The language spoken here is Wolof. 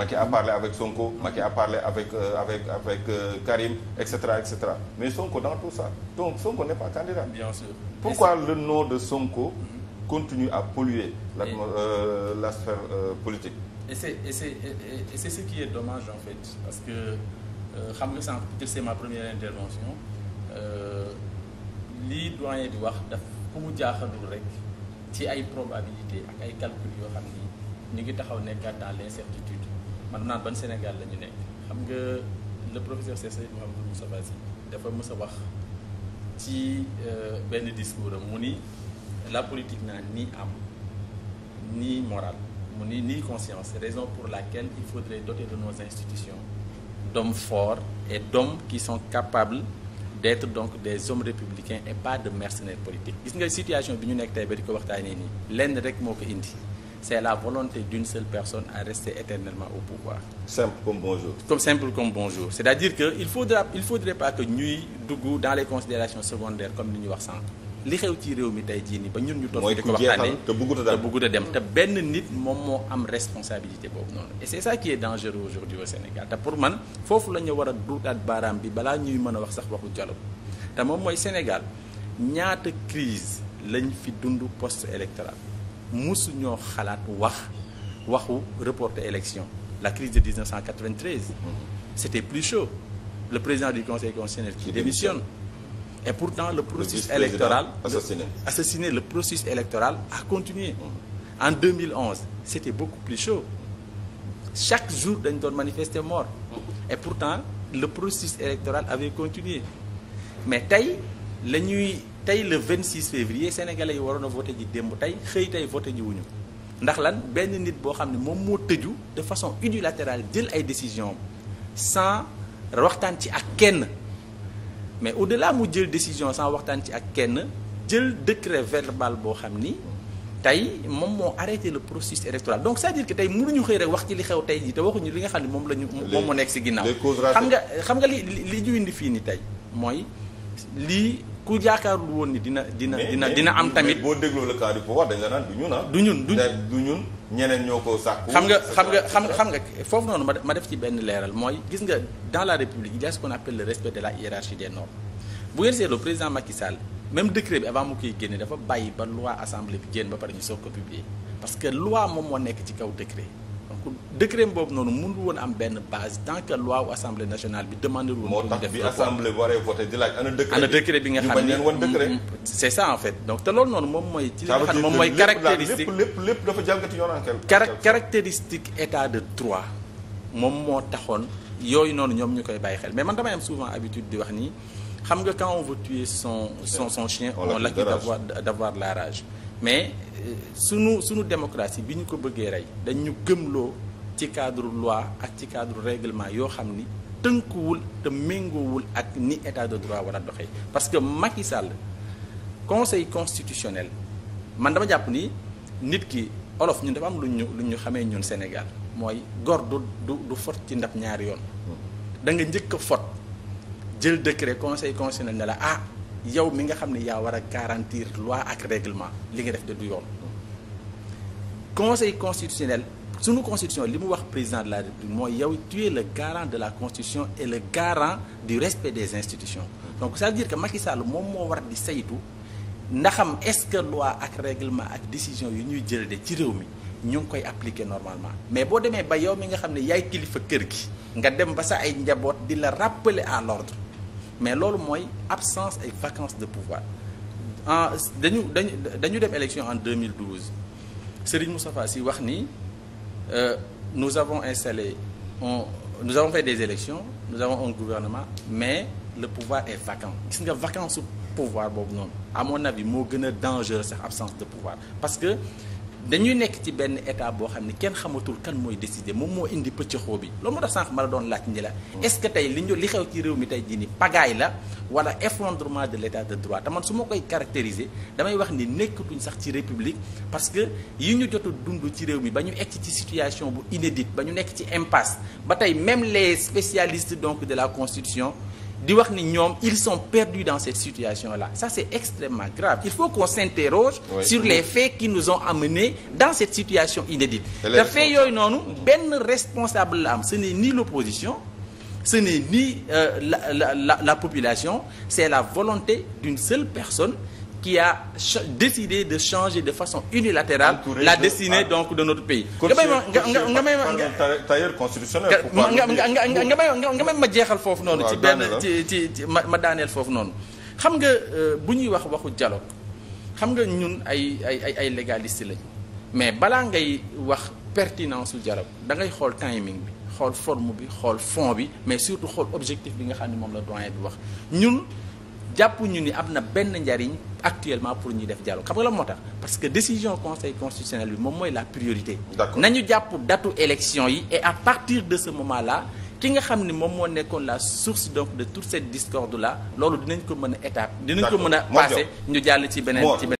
Macky a parlé avec Sonko Macky a parlé avec euh, avec avec euh, Karim etc etc mais Sonko dans tout ça donc Sonko n'est pas candidat bien sûr pourquoi le nom de Sonko mhm. continue à polluer la, euh, la sphère euh, politique et c'est et c'est et c'est ce qui est dommage en fait parce que euh, xam nga sànq peut-être c'est ma première intervention euh, lii doyen di wax daf ku mu jaaxalul rek ci ay probabilité ak ay calcul yoo xam ni ñu ngi taxaw nekkaat dans l'incertitude man naan ban Sénégal la ñu nekk xam nga le professeur Seydi Mouhamadou Moustapha Sy dafa mës wax ci euh, benn discours am mu ni la politique n'a ni âme ni morale mu ni ni conscience raison pour laquelle il faudrait doter de nos institutions d'hommes forts et d'hommes qui sont capables d'être donc des hommes républicains et pas de mercenaires politiques gis nga situation bi ñu nekk tey ba di ko waxtaanee nii lenn rek moo ko indi c'est la volonté d'une seule personne à rester éternellement au pouvoir. Simple comme bonjour. Comme simple comme bonjour. C'est-à-dire que il faudra il faudrait pas que ñuy dugg dans les considérations secondaires comme ni ñu wax sànq. li xew ci réew mi tey jii nii ba ñun ñu toog di ko waxtaanee te bëggut a dem te benn nit moom moo am responsabilité boobu noonu et c'est ça qui est dangereux aujourd'hui au Sénégal te pour man foofu la ñu war a duutaat baaraam bi balaa ñuy mën a wax sax waxu dialogue te moom mooy Sénégal ñaata crise lañ fi dund post électoral musuñoo xalaat wax waxu reporter élection la crise de 1993 c'était plus chaud le président du conseil constitutionnel qui démissionne et pourtant le processus le électoral assassiné. Le, assassiné le processus électoral a continué mm-hmm. en 2011 c'était beaucoup plus chaud chaque jour dañ doon manifester mort mm-hmm. et pourtant le processus électoral avait continué mais tey la ñuy tey le 26 février sénégalais yi waroon a voté ji démb tey xëy tey voté ji wuñu ndax lan benn nit boo xam ne moom moo tëju de façon unilatérale jël ay décision sans waxtaan ci ak kenn mais au-delà mu jël décision sans waxtaan ci ak kenn jël décret verbal boo xam ni tey moom moo arrêté le processus électoral donc c'est-à-dire que tey mënuñu xëy rek wax ci li xew tey jii te waxuñu li nga xam ne moom la ñu. moom moo nekk si ginnaaw. xam nga xam nga li li ñu indi fii nii tey mooy ku yaakaarul woon ni dina dina dina dina am tamit. boo dégloo le cas du du ñun ah. du ñun du ñun ñeneen ñoo ko sàkku. xam nga xam nga xam xam nga foofu noonu ma def ci benn leeral mooy gis nga dans la république il y a respect de la hiérarchie des normes bu ngeen seetloo président Macky Sall même décret bi avant mu koy génne dafa bàyyi ba loi assemblée bi génn ba pare ñu soog ko publier parce que loi moom moo nekk ci kaw décret. décret boobu noonu mënul woon am benn base tant que loi wu assemblée nationale bi demandé woon. moo tax bi assemblée waree voté di laaj ana décret. ana décret bi nga xam ne mm, mm, c' ça en fait donc te loolu noonu moom mooy. ci lépp lépp dafa jalgati yoon en caractéristique état de droit moom moo taxoon yooyu noonu ñoom ñu koy bàyyi xel mais man damay am souvent habitude di wax nii xam nga quand on veut tuer son son son chien on l'accuse d'avoir d'avoir la rage. mais euh, sunu sunu démocratie bi ñu ko bëggee rey dañu gëmloo ci cadre loi ak ci cadre règlement yoo xam ni tënkuwul te méngoowul ak ni état de droit war doxe parce que Macky Sall conseil constitutionnel man dama jàpp ni nit ki olof ñu dafa am lu ñu lu ñu xamee ñun Sénégal mooy gor du du du fot ci ndab ñaari yoon da nga njëkk fot jël décret conseil constitutionnel ne la ah yow mi nga xam ne yaa war a garantir loi ak règlement li nga def de du yoon conseil constitutionnel sunu constitution li mu wax président de la république mooy yow tu le garant de la constitution et le garant du respect des institutions donc ça veut que Macky Sall moom moo war di saytu ndaxam est-ce que loi ak règlement ak décision yu ñuy jël ci réew mi ñu ngi koy appliquer normalement mais boo demee ba yow mi nga xam ne yaay kilifa kër gi nga dem ba sa ay njaboot di la rappeler à l'ordre mais loolu mooy absence et vacance de pouvoir en dañu dañu dañu dem élection en 2012 Serigne Moustapha Sy wax ni euh, nous avons installé on nous avons fait des élections nous avons un gouvernement mais le pouvoir est vacant gis nga vacance pouvoir boobu noonu à mon avis moo gën a dangereux sax absence de pouvoir parce que dañuy nekk ci benn état boo xam ne kenn xamatul kan mooy décidé moom moo indi pëccëxoo bi loolu moo tax sànq ma la doon laaj ni la est-ce que tey li ñu li xew ci réew mi tey jii ni pagaille la wala effondrement de l'état de droit te man su ma koy caractériser damay wax ni nekkatuñ sax ci république parce que yi ñu jot dund ci réew mi ba ñu egg ci situation bu inédite ba ñu nekk ci impasse ba tey même les spécialistes donc de la constitution di wax ni ñoom ils sont perdus dans cette situation là ça c'est extrêmement grave il faut qu'on s'interroge oui. sur les faits qui nous ont amenés dans cette situation inédite te fait yooyu noonu benn responsable la am ce n'est ni l'opposition ce n'est euh, la, la la population c'est la volonté d'une seule personne ki a décidé de changer de façon unilatérale la destinée ah. donc de notre pays. nga may ma nga nga may ma tailleur constitutionnel. nga nga may nga may ma jeexal foofu noonu. ci benn ci ma daaneel foofu noonu. xam nga euh, bu ñuy wax waxu dialogue xam nga ñun ay ay ay légaliste lañu mais balaa ngay wax pertinence su dialogue da ngay xool timing bi xool forme bi xool fond bi mais surtout xool objectif bi nga xam ne moom la doyen bi wax ñun. jàpp ñu ni am na benn njariñ actuellement pour ñuy def dialogue xam nga la moo tax parce que décision conseil constitutionnel bi moom mooy la priorité nañu jàpp datu élection yi et à partir de ce moment là ki nga xam ni moom moo nekkoon la source donc de toute cette discorde là loolu dinañ ko mën a étape dinañ ko mën a passé ñu jàll ci beneen ci beneen